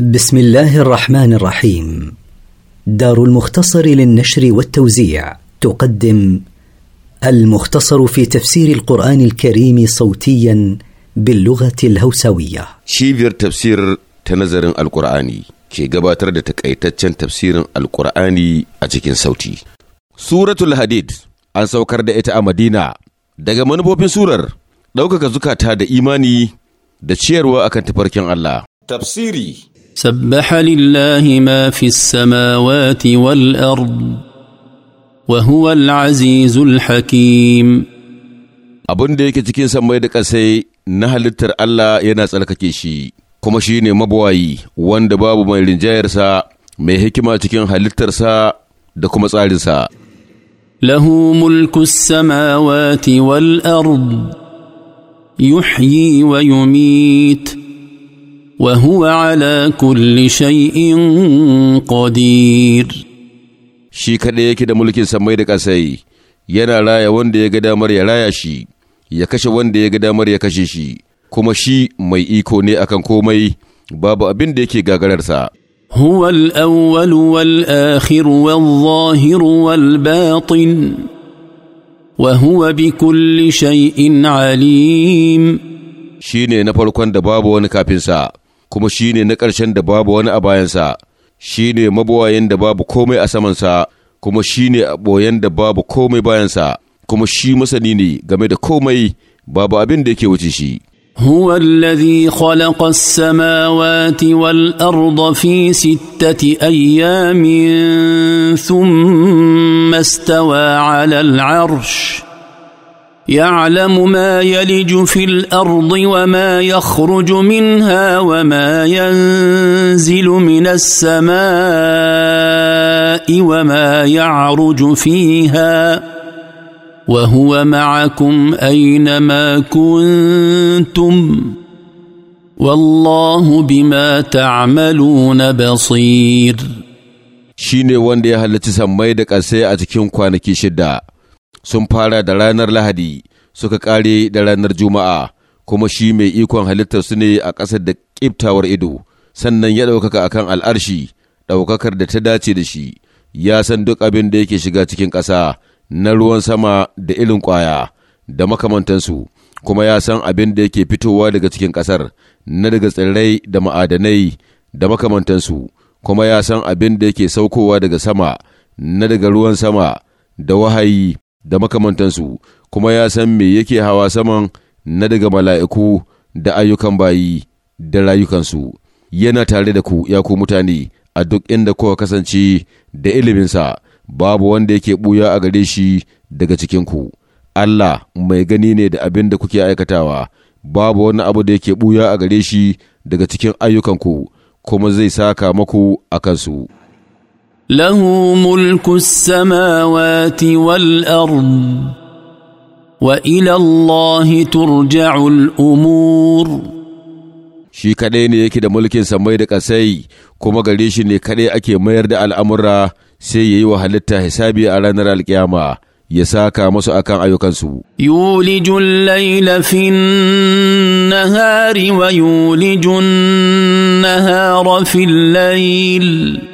بسم الله الرحمن الرحيم دار المختصر للنشر والتوزيع تقدم المختصر في تفسير القرآن الكريم صوتيا باللغة الهوسوية شيفير تفسير تنظر القرآني كي قباتر تكأيتتشن تفسير القرآني أجيكين صوتي سورة الحديد أن سوكر دائتا مدينة منبو manufofin سورة ɗaukaka كزكاة هذا إيماني دا ciyarwa akan tafarkin الله تفسيري سبح لله ما في السماوات والأرض وهو العزيز الحكيم abin da yake cikin sammai da ƙasai na halittar Allah yana tsarkake shi kuma shi ne mabawayi wanda babu mai rinjayarsa mai hikima cikin halittarsa da kuma tsarinsa. Lahu mulku samawati wal ard yuhyi wa yumit وهو على كل شيء قدير shi kaɗai yake da mulkin samai da ƙasai yana raya wanda ya ga damar ya raya shi ya kashe wanda ya ga damar ya kashe shi kuma shi mai iko ne akan komai babu abin da yake gagararsa هو الأول والآخر والظاهر bi وهو بكل شيء Shi shine na farkon da babu wani kafinsa kuma shi ne na ƙarshen da babu wani a bayansa, shi ne mabuwayen da babu komai a samansa, kuma shi ne a ɓoyen da babu komai bayansa, kuma shi masani ne game da komai babu abin da yake wuce shi. هو الذي خلق السماوات والارض في سته ايام ثم استوى على العرش يعلم ما يلج في الارض وما يخرج منها وما ينزل من السماء وما يعرج فيها وهو معكم اينما كنتم والله بما تعملون بصير شيني وندي هل halarci sammai da ƙasai a sun fara da ranar Lahadi suka ƙare da ranar Juma'a, kuma shi mai ikon halittar su ne a ƙasar da ƙiftawar ido, sannan ya ɗaukaka a kan al'arshi, ɗaukakar da ta dace da shi, ya san duk abin da yake shiga cikin ƙasa na ruwan sama da irin ƙwaya da makamantansu, kuma ya san abin da yake fitowa daga cikin ƙasar na daga tsirrai da ma'adanai da makamantansu, kuma ya san abin da yake saukowa daga sama na daga ruwan sama da wahayi da makamantansu kuma ya san me yake hawa saman na daga mala'iku da ayyukan bayi da rayukansu yana tare da ku ya ku mutane a duk inda kowa kasance da iliminsa babu wanda yake buya a gare shi daga cikinku Allah mai gani ne da abin da kuke aikatawa babu wani abu da yake buya a gare shi daga cikin ayyukanku kuma zai saka maku a kansu. له ملك السماوات والارض والى الله ترجع الامور shi kaɗai ne yake da mulkin samai da ƙasai kuma gare shi ne kaɗai ake mayar da al'amura sai ya yi wa halitta hisabi a ranar alƙiyama ya saka masu akan ayyukansu. yulijun laila fin nahari wa yulijun nahara fil layl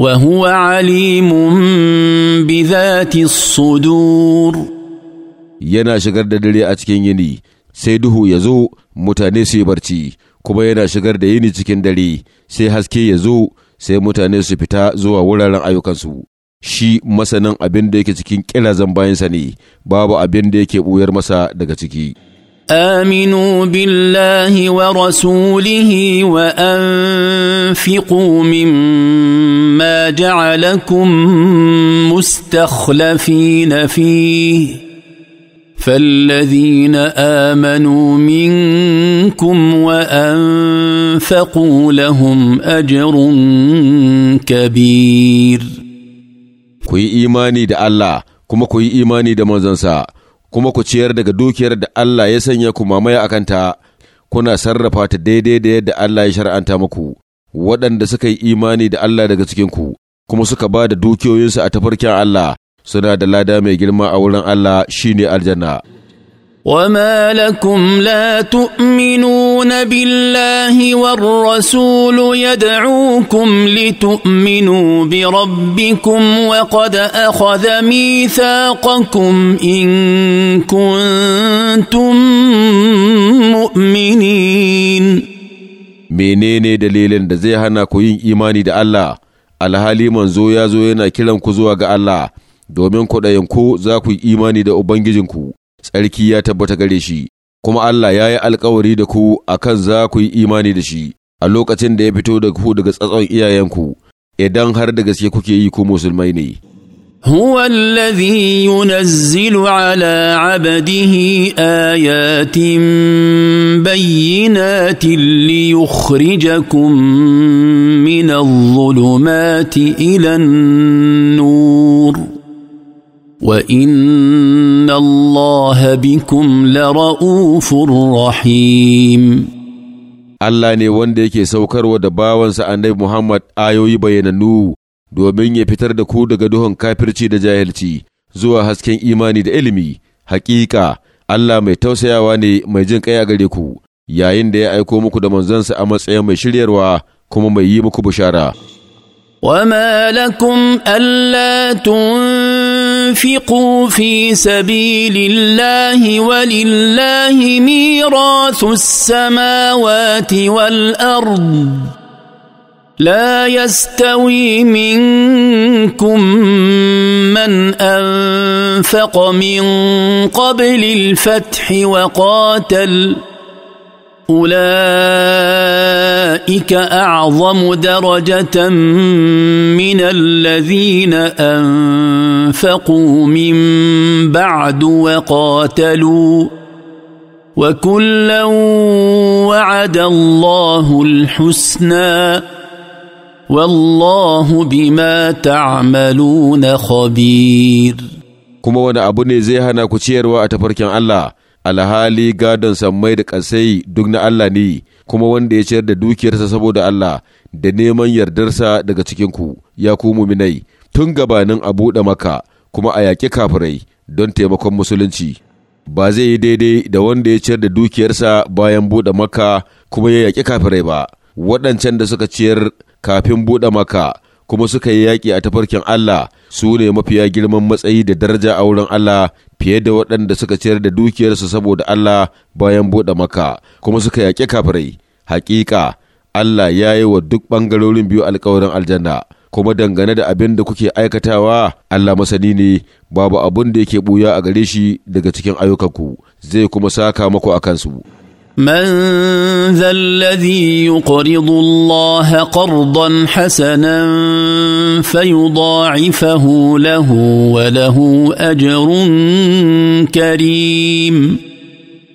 وهو عليم بذات الصدور yana shigar da dare a cikin yini sai duhu ya zo mutane su yi barci kuma yana shigar da yini cikin dare sai haske ya zo sai mutane su fita zuwa wuraren ayyukansu shi masanin abin da yake cikin kirazan bayansa ne babu abin da yake ɓuyar masa daga ciki امنوا بالله ورسوله وانفقوا مما جعلكم مستخلفين فيه فالذين امنوا منكم وانفقوا لهم اجر كبير كوي ايماني دا الله كما كوي ايماني دا منزنسا kuma ku ciyar daga dukiyar da Allah ya sanya ku mamaya a kanta, kuna sarrafa ta daidai da yadda Allah ya shar'anta muku, waɗanda suka yi imani da Allah daga cikinku, kuma suka ba da dukiyoyinsu a tafarkin Allah, suna da lada mai girma a wurin Allah shine aljanna. وما لكم لا تؤمنون بالله والرسول يدعوكم لتؤمنوا بربكم وقد اخذ ميثاقكم ان كنتم مؤمنين menene dalilin da zai hana ku yin imani da Allah alhali manzo ya zo yana kiran ku zuwa ga Allah domin ku za ku yi imani da ubangijinku tsarki ya tabbata gare shi, kuma Allah ya yi alkawari da ku a kan za ku yi imani da shi a lokacin da ya fito da ku daga tsatson iyayenku, idan har da gaske kuke yi ku musulmai ne. هو الذي ينزل على عبده ايات بينات ليخرجكم من الظلمات الى النور وان الله بكم لرؤوف رحيم Allah ne wanda yake saukarwa da bawansa annabi Muhammad ayoyi bayyanannu domin ya fitar da ku daga duhun kafirci da jahilci zuwa hasken imani da ilimi hakika Allah mai tausayawa ne mai jin kai a gare ku yayin da ya aiko muku da manzansa a matsayin mai shiryarwa kuma mai yi muku bishara wama lakum alla tun انفقوا في سبيل الله ولله ميراث السماوات والأرض لا يستوي منكم من أنفق من قبل الفتح وقاتل اولئك اعظم درجه من الذين انفقوا وانفقوا من بعد وقاتلوا وكلا وعد wallahu الحسنى والله بما تعملون خبير kuma wani abu ne zai hana ku ciyarwa a tafarkin Allah alhali gadon sammai da ƙasai duk na Allah ne kuma wanda ya ciyar da dukiyarsa saboda Allah da neman yardarsa daga cikinku ya ku muminai tun gabanin a buɗe maka kuma a yaƙi kafirai don taimakon musulunci ba zai yi daidai da wanda ya ciyar da dukiyarsa bayan buɗe maka kuma ya yaƙi kafirai ba waɗancan da suka ciyar kafin buɗe maka kuma suka yi yaƙi a tafarkin Allah su ne mafiya girman matsayi da daraja a wurin Allah fiye da waɗanda suka ciyar da dukiyarsa saboda Allah bayan buɗe maka kuma suka yaƙi kafirai hakika Allah ya yi wa duk ɓangarorin biyu alƙawarin aljanna kuma dangane da abin da kuke aikatawa Allah masani ne babu abin da yake buya a gare shi daga cikin ayyukanku zai kuma saka maku a kansu. من ذا الذي يقرض الله قرضا حسنا فيضاعفه له وله اجر كريم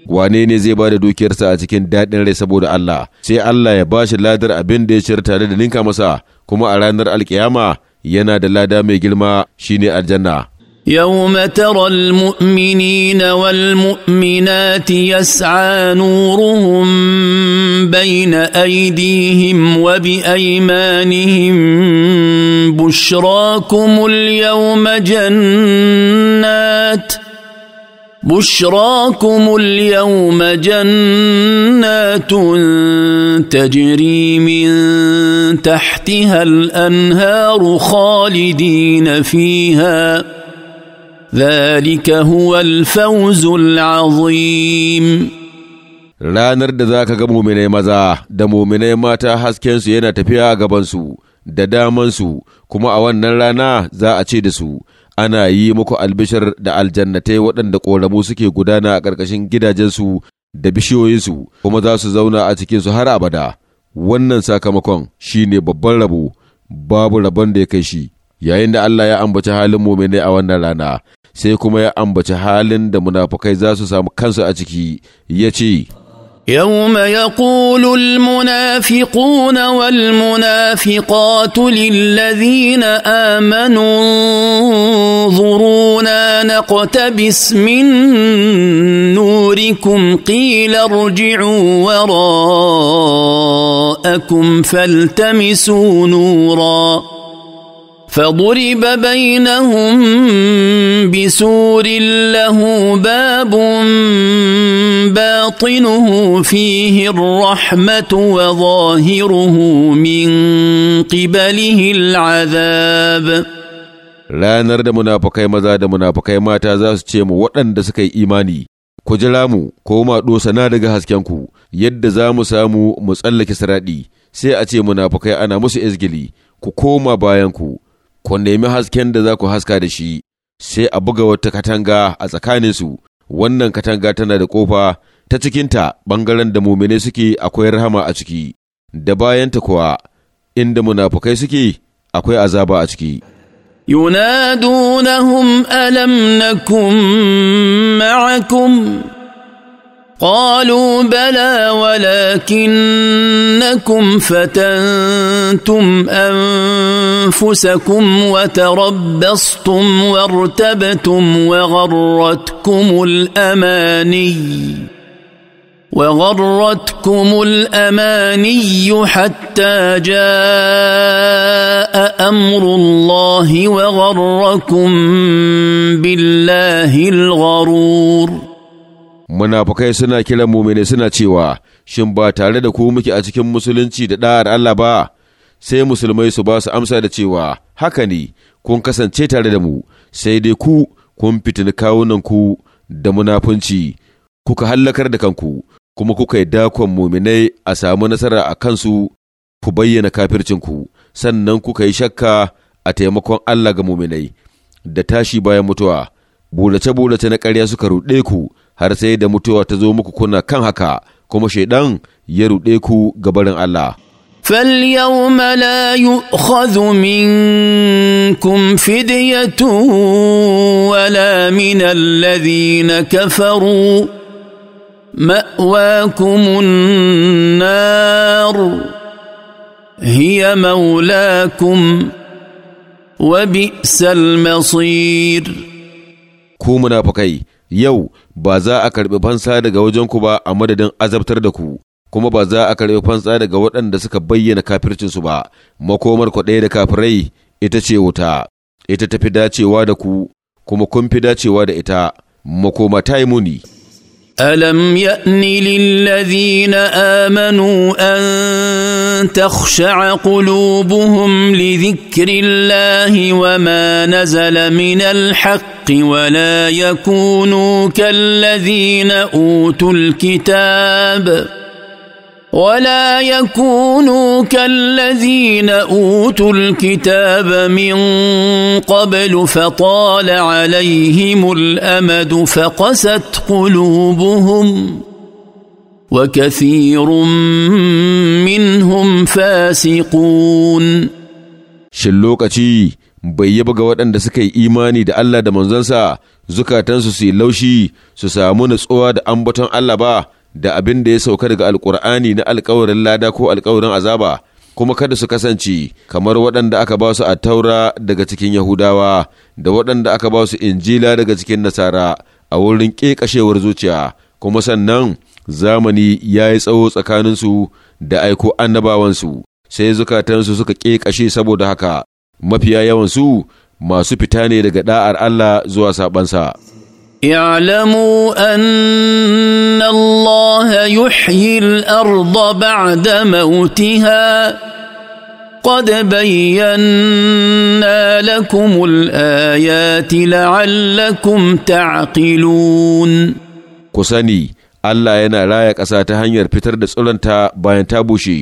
wane ne zai ba da dukiyarsa a cikin daɗin rai saboda Allah sai Allah ya ba shi ladar abin da ya ciyar tare da ninka masa kuma a ranar alkiyama yana da lada mai girma shine aljanna يوم ترى المؤمنين والمؤمنات يسعى نورهم بين ايديهم وبايمانهم بشراكم اليوم جنات بشراكم اليوم جنات تجري من تحتها الانهار خالدين فيها ذلك هو الفوز العظيم ranar da za ka ga muminai maza da muminai mata haskensu yana tafiya gabansu da damansu kuma a wannan rana za a ce da su ana yi muku albishir da aljannatai waɗanda ƙoramu suke gudana a ƙarƙashin gidajensu da bishiyoyinsu kuma za su zauna a cikinsu har abada wannan sakamakon shi ne babban rabo babu rabon da ya kai shi yayin da Allah ya ambaci halin muminai a wannan rana sai kuma ya ambaci halin da munafukai za su samu kansu a ciki ya ce يوم يقول المنافقون والمنافقات للذين امنوا انظرونا نقتبس من نوركم قيل ارجعوا وراءكم فالتمسوا نورا فضرب بينهم بسور له باب باطنه فيه الرحمه وظاهره من قبله العذاب ranar da munafukai maza da munafukai mata za su ce mu waɗanda suka yi imani ku jira mu ko ma na daga haskenku yadda za mu samu mu tsallake saraɗi sai a ce munafukai ana musu izgili ku koma bayanku ku nemi hasken da za ku haska da shi, sai a buga wata katanga a tsakaninsu, wannan katanga tana da ƙofa ta cikinta ɓangaren da mumine suke akwai rahama a ciki, da bayanta kuwa inda munafukai suke akwai azaba a ciki. ينادونهم ألم نكن معكم قالوا بلى ولكنكم فتنتم انفسكم وتربصتم وارتبتم وغرتكم الاماني وغرتكم الاماني حتى جاء امر الله وغركم بالله الغرور munafukai suna kiran mumini suna cewa shin ba tare da ku muke a cikin musulunci da da'ar Allah ba sai musulmai su ba su amsa da cewa haka ne kun kasance tare da mu sai dai ku kun fitini kawunan ku da munafunci kuka hallakar da kanku kuma kuka yi dakon muminai a samu nasara a kansu ku bayyana kafircinku sannan kuka yi shakka a taimakon Allah ga muminai da tashi bayan mutuwa bulace-bulace na ƙarya suka ruɗe ku har sai da mutuwa ta zo muku kuna kan haka kuma shaidan ya ruɗe ku gabarin Allah. فاليوم لا يؤخذ منكم فدية ولا من الذين كفروا مأواكم النار هي مولاكم وبئس المصير كومنا بكي yau ba za a karɓi fansa daga wajenku ba a madadin azabtar da ku kuma ba za a karɓi fansa daga waɗanda suka bayyana kafircinsu ba makomar ku ɗaya da kafirai ita ce wuta ita tafi dacewa da ku kuma kun fi dacewa da ita makoma ta yi muni الم يان للذين امنوا ان تخشع قلوبهم لذكر الله وما نزل من الحق ولا يكونوا كالذين اوتوا الكتاب ولا يكونوا كالذين اوتوا الكتاب من قبل فطال عليهم الامد فقست قلوبهم وكثير منهم فاسقون shin lokaci bai yaba ga waɗanda suka yi imani da Allah da manzansa zukatansu su yi laushi su samu nutsuwa da ambaton Allah ba da abin da ya sauka daga alkur'ani na alkawarin lada ko alkawarin azaba kuma kada su kasance kamar waɗanda aka ba su a taura daga cikin yahudawa da waɗanda aka ba su injila daga cikin nasara a wurin ƙeƙashewar zuciya kuma sannan zamani ya yi tsawo tsakaninsu da aiko annabawansu sai zukatansu suka ƙeƙashe saboda haka mafiya yawansu masu fita ne daga da'ar Allah zuwa sabansa. ويحيي الارض بعد mautiha قد بينا لكم الايات لعلكم تعقلون كساني Allah yana raya ƙasa ta hanyar fitar da tsuranta bayan ta bushe,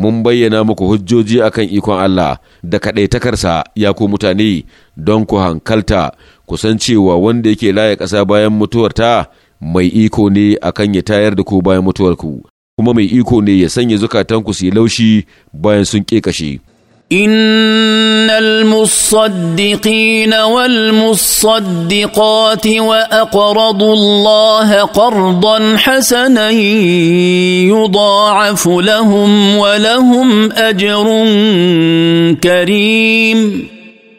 mun bayyana muku hujjoji akan ikon Allah da kaɗaitakarsa ya ku mutane don ku hankalta, ku cewa wanda yake raya ƙasa bayan mutuwarta mai iko ne akan ya tayar da ku bayan mutuwarku kuma mai iko ne ya sanya zukatanku su yi laushi bayan sun ƙeƙashe. ان المصدقين والمصدقات واقرضوا الله قرضا حسنا يضاعف wa lahum اجر Karim.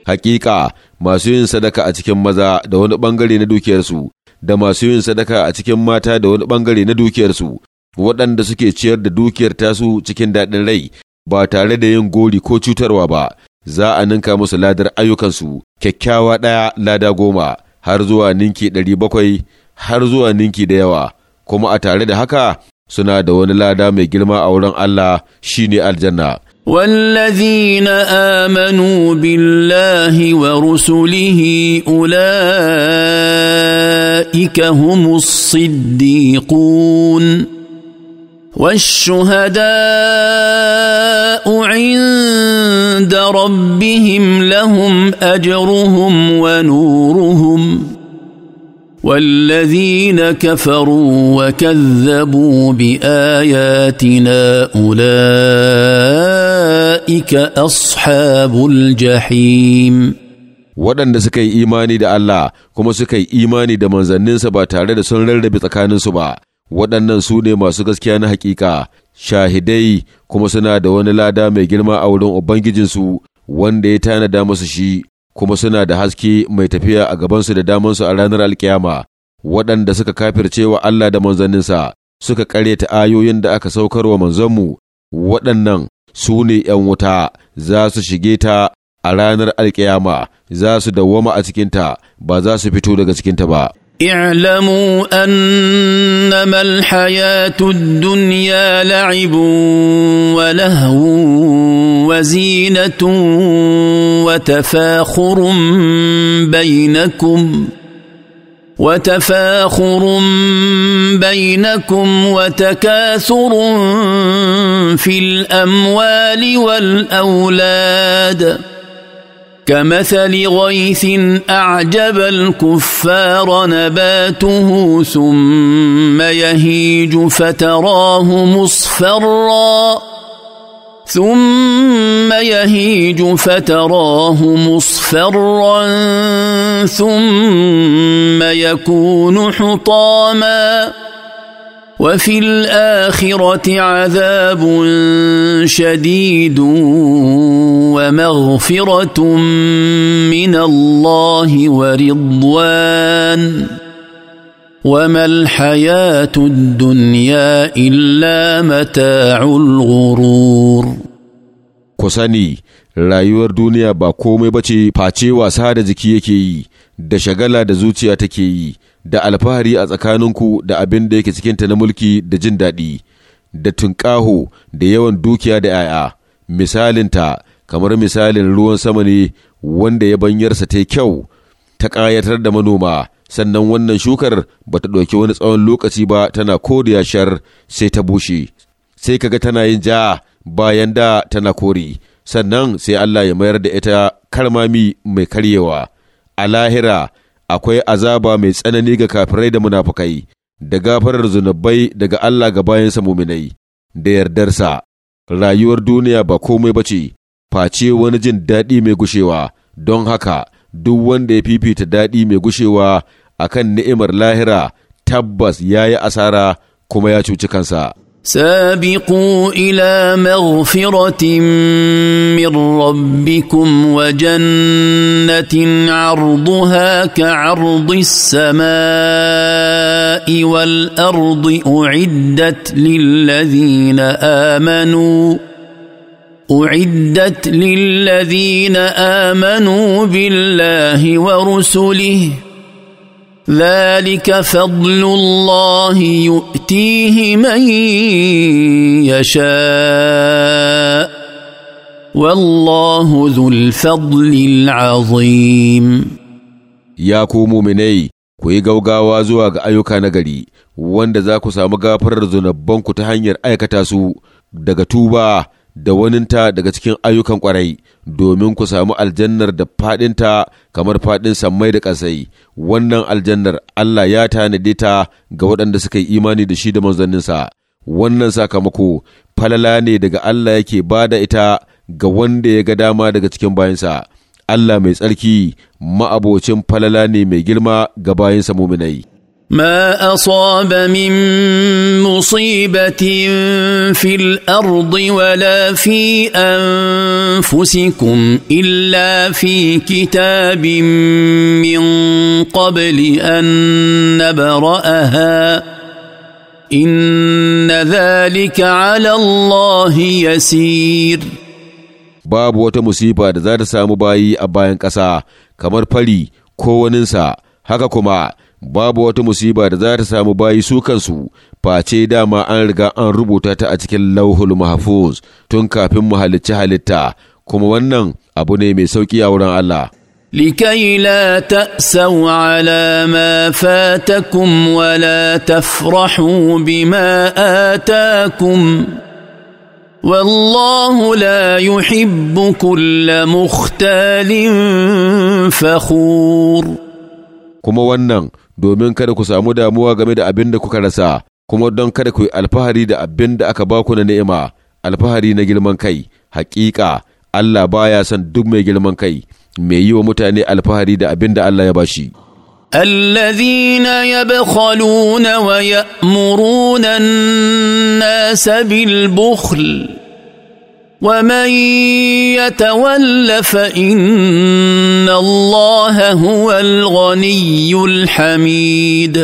حقيقه masu yin sadaka a cikin maza da wani bangare na dukiyarsu da masu yin sadaka a cikin mata da wani bangare na dukiyarsu waɗanda suke ciyar da dukiyar tasu cikin daɗin rai ba tare da yin gori ko cutarwa ba za a ninka musu ladar ayyukansu kyakkyawa ɗaya lada goma har zuwa ninki ɗari bakwai har zuwa ninki da yawa kuma a tare da haka suna da wani lada mai girma a wurin Allah shine aljanna والذين امنوا بالله ورسله اولئك هم الصديقون والشهداء عند ربهم لهم اجرهم ونورهم والذين كفروا وكذبوا باياتنا اولئك اصحاب الجحيم waɗanda suka yi imani da Allah kuma suka yi imani da manzanninsa ba tare da sun rarrabe tsakaninsu ba waɗannan su ne masu gaskiya na hakika shahidai kuma suna da wani lada mai girma a wurin ubangijinsu wanda ya tanada musu shi kuma suna da haske mai tafiya a gabansu da damansu a ranar alkiyama waɗanda suka kafirce wa Allah da manzanninsa suka ƙareta ayoyin da aka saukar wa manzanmu waɗannan su ne ‘yan wuta za su shige ta a ranar alkiyama za su dawwama a cikinta ba za su fito daga cikinta ba. اعلموا انما الحياه الدنيا لعب ولهو وزينه وتفاخر بينكم وتفاخر بينكم وتكاثر في الاموال والاولاد كمثل غيث اعجب الكفار نباته ثم يهيج فتراه مصفرا ثم يهيج فتراه مصفرا ثم يكون حطاما وفي الاخره عذاب شديد ومغفره من الله ورضوان وما الحياة الدنيا إلا متاع الغرور كساني rayuwar duniya ba komai ba ce face wasa da jiki yake yi da shagala da zuciya take yi da alfahari a tsakaninku da abin da yake cikinta na mulki da jin daɗi da tunƙaho da yawan dukiya da 'ya'ya misalinta kamar misalin ruwan sama ne wanda ya banyarsa ta kyau ta ƙayatar da manoma sannan wannan shukar ba ta ɗauki wani tsawon lokaci ba tana koriya shar sai ta bushe sai kaga tana yin ja bayan da tana kori sannan sai Allah ya mayar da ita karmami mai karyewa a lahira akwai azaba mai tsanani ga kafirai da munafukai da gafarar zunubai daga Allah ga bayansa muminai da yardarsa rayuwar duniya ba komai ba ce face wani jin daɗi mai gushewa don haka duk wanda ya fifita daɗi mai gushewa a kan ni'imar lahira tabbas ya yi asara kuma ya cuci kansa. سابقوا الى مغفره من ربكم وجنه عرضها كعرض السماء والارض اعدت للذين amanu. اعدت للذين امنوا بالله ورسله ذلك فضل الله يؤتيه من يشاء والله ذو الفضل العظيم يا كومو ku yi gaugawa zuwa ga ayyuka na gari wanda za ku samu gafarar zunubbanku ta hanyar aikata su daga tuba da waninta daga cikin ayyukan kwarai domin ku samu aljannar da faɗinta kamar faɗin sammai da ƙasai wannan aljannar Allah ya tanade ta ga waɗanda suka yi imani da shi da manzanninsa wannan sakamako falala ne daga Allah yake ba da ita ga wanda ya ga dama daga cikin bayansa Allah mai tsarki ma'abocin falala ne mai girma ga bayansa muminai. ما اصاب من مصيبه في الارض ولا في انفسكم الا في كتاب من قبل ان نبراها ان ذلك على الله يسير باب وتمصيبه ذات da za ta samu bayi a haka kuma babu wata musiba da za ta samu bayi su kansu face dama an riga an rubuta ta a cikin lauhul mahfuz tun kafin mu halicci halitta kuma wannan abu ne mai sauki a wurin Allah لكي لا تأسوا على ما فاتكم ولا تفرحوا بما آتاكم والله لا يحب كل مختال فخور kuma wannan domin kada ku samu damuwa game da abin da kuka rasa, kuma don kada ku yi alfahari da abin da aka baku na ni'ima, alfahari na girman kai, hakika Allah baya son duk mai girman kai, mai yi wa mutane alfahari da abin da Allah ya ba shi الذين يبخلون ويأمرون الناس بالبخل ومن يتول فان الله هو الغني الحميد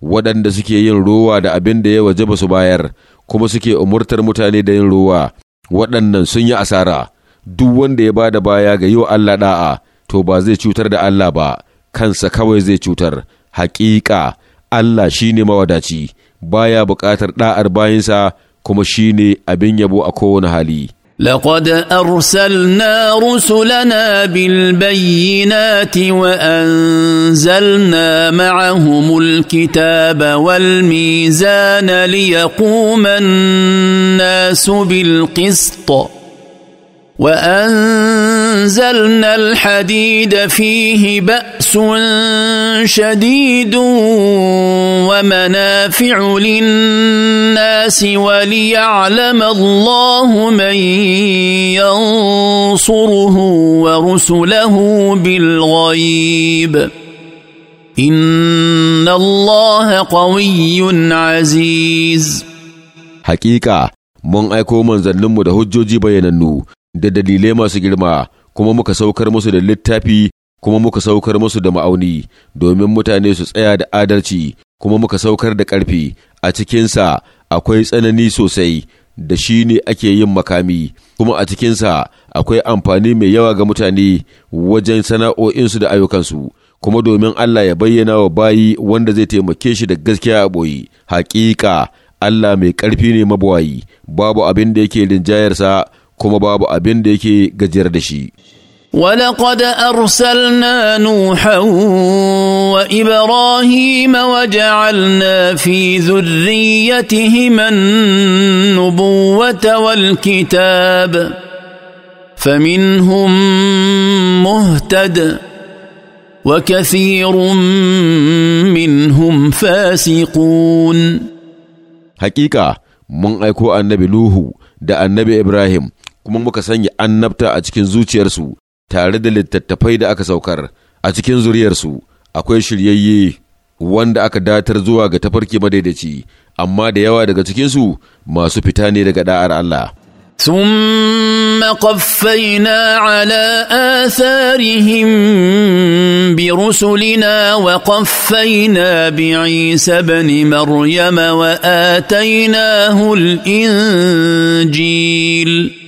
waɗanda suke yin ruwa da abin da ya ba su bayar kuma suke umurtar mutane da yin ruwa waɗannan sun yi asara duk wanda ya ba da baya ga yiwa Allah ɗa'a to ba zai cutar da Allah ba kansa kawai zai cutar haƙiƙa Allah shine mawadaci baya buƙatar ɗa'ar bayinsa kuma shine abin yabo a kowane hali لقد ارسلنا رسلنا بالبينات وانزلنا معهم الكتاب والميزان ليقوم الناس بالقسط وانزلنا الحديد فيه باس شديد ومنافع للناس وليعلم الله من ينصره ورسله بالغيب ان الله قوي عزيز حقيقه mun aiko manzanninmu da hujjoji bayanannu da dalilai masu girma kuma muka saukar musu da littafi kuma muka saukar musu da ma'auni domin mutane su tsaya da adalci kuma muka saukar da ƙarfi a cikinsa akwai tsanani sosai da shi ne ake yin makami kuma a cikinsa akwai amfani mai yawa ga mutane wajen sana'o'insu da ayyukansu kuma domin Allah ya bayyana wa bayi wanda zai taimake shi da gaskiya a ɓoyi hakika Allah mai ƙarfi ne mabawayi babu abin da yake rinjayarsa kuma babu abin da yake gajiyar da shi ولقد ارسلنا نوحا وابراهيم وجعلنا في ذريتهما النبوه والكتاب فمنهم مهتد وكثير منهم فاسقون حقيقه mun aiko annabi Nuhu da annabi Ibrahim kuma muka sanya annabta a cikin zuciyarsu tare da littattafai da aka saukar a cikin zuriyarsu akwai shiryayye wanda aka datar zuwa ga tafarki madaidaici amma da yawa daga cikinsu masu fita ne daga da'ar Allah. ثم قفينا على آثارهم برسلنا وقفينا بعيسى بن مريم وآتيناه الإنجيل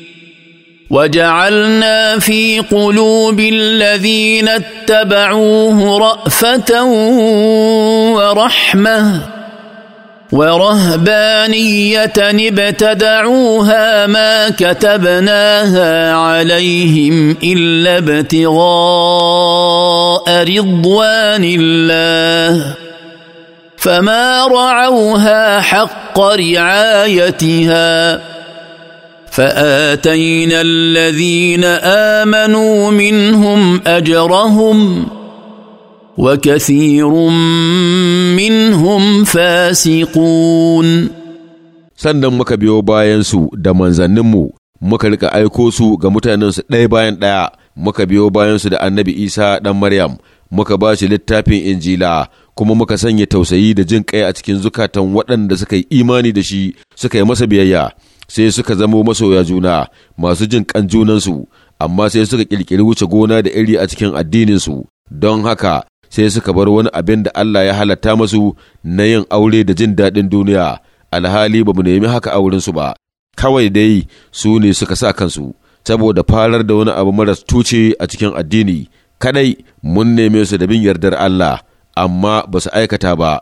وجعلنا في قلوب الذين اتبعوه رأفة ورحمة ورهبانية ابتدعوها ما كتبناها عليهم إلا ابتغاء رضوان الله فما رعوها حق رعايتها فاتينا الذين امنوا منهم اجرهم وكثير منهم فاسقون sannan muka biyo bayansu da manzanninmu muka rika aiko su ga mutanensu ɗaya bayan ɗaya muka biyo bayansu da annabi isa ɗan maryam muka ba shi littafin injila kuma muka sanya tausayi da jin kai a cikin zukatan waɗanda suka yi imani da shi suka yi masa biyayya sai suka zamo masoya juna masu jin kan junansu amma sai suka ƙirƙiri wuce gona da iri a cikin addininsu don haka sai suka bar wani abin da Allah ya halatta masu na yin aure da jin daɗin duniya alhali ba mu nemi haka aurensu ba kawai dai su ne suka sa kansu saboda farar da wani abu maras tuce a cikin addini kadai mun neme su da bin yardar Allah amma ba su aikata ba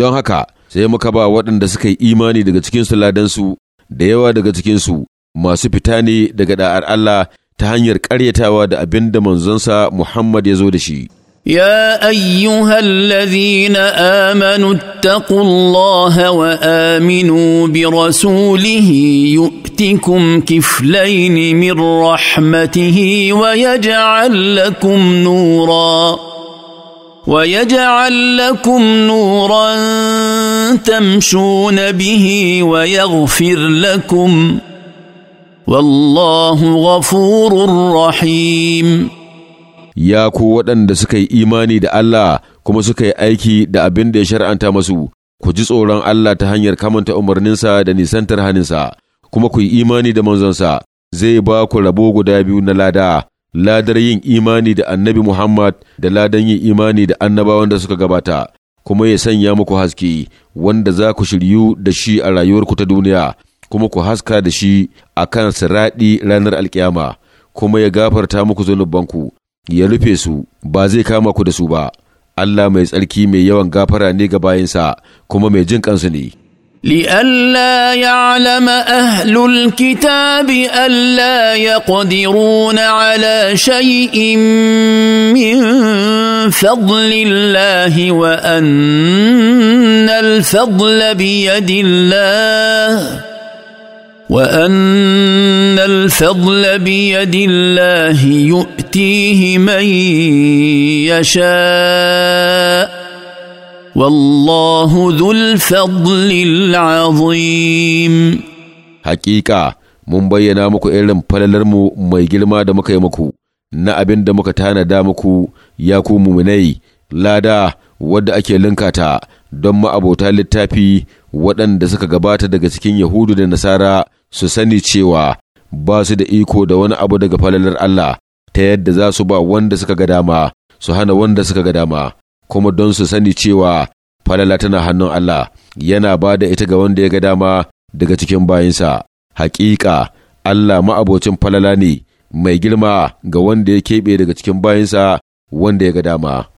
don haka sai muka ba waɗanda suka yi imani daga cikin su ladansu da yawa daga cikinsu masu fita ne daga da'ar Allah ta hanyar ƙaryatawa da abin da manzonsa Muhammad ya zo da shi. يا ايها الذين امنوا اتقوا الله وامنوا برسوله يؤتكم كفلين من رحمته ويجعل لكم نورا ويجعل لكم نورا تمشون به ويغفر لكم والله غفور رحيم ya ko waɗanda suka yi imani da Allah kuma suka yi aiki da abin da ya shar'anta masu, ku ji tsoron Allah ta hanyar kamanta umarninsa da nisantar haninsa, kuma ku yi imani da manzonsa, zai ba ku rabo guda biyu na lada, ladar yin imani da annabi Muhammad da ladar yin imani da annabawan da suka gabata, kuma ya sanya muku haske wanda za ku shiryu da shi a rayuwarku ta duniya kuma ku haska da shi a kan siraɗi ranar alkiyama kuma ya gafarta muku zunubanku ya rufe su ba zai kama ku da su ba Allah mai tsarki mai yawan gafara ne ga bayansa kuma mai jin kansu ne. لئلا يعلم اهل الكتاب الا يقدرون على شيء من فضل الله وان الفضل بيد الله وان الفضل بيد الله يؤتيه من يشاء Wallahu ذو الفضل العظيم حقيقة mun bayyana muku irin falalarmu mai girma da muka yi muku na abin da muka tanada muku ya ku muminai lada wadda ake linkata don ma'abota littafi waɗanda suka gabata daga cikin yahudu da nasara su sani cewa ba su da iko da wani abu daga falalar Allah ta yadda za su ba wanda suka ga dama su hana wanda suka ga dama kuma don su sani cewa falala tana hannun Allah yana ba da ita ga wanda ya ga dama daga cikin bayinsa hakika Allah ma'abocin falala ne mai girma ga wanda ya keɓe daga cikin bayinsa wanda ya ga dama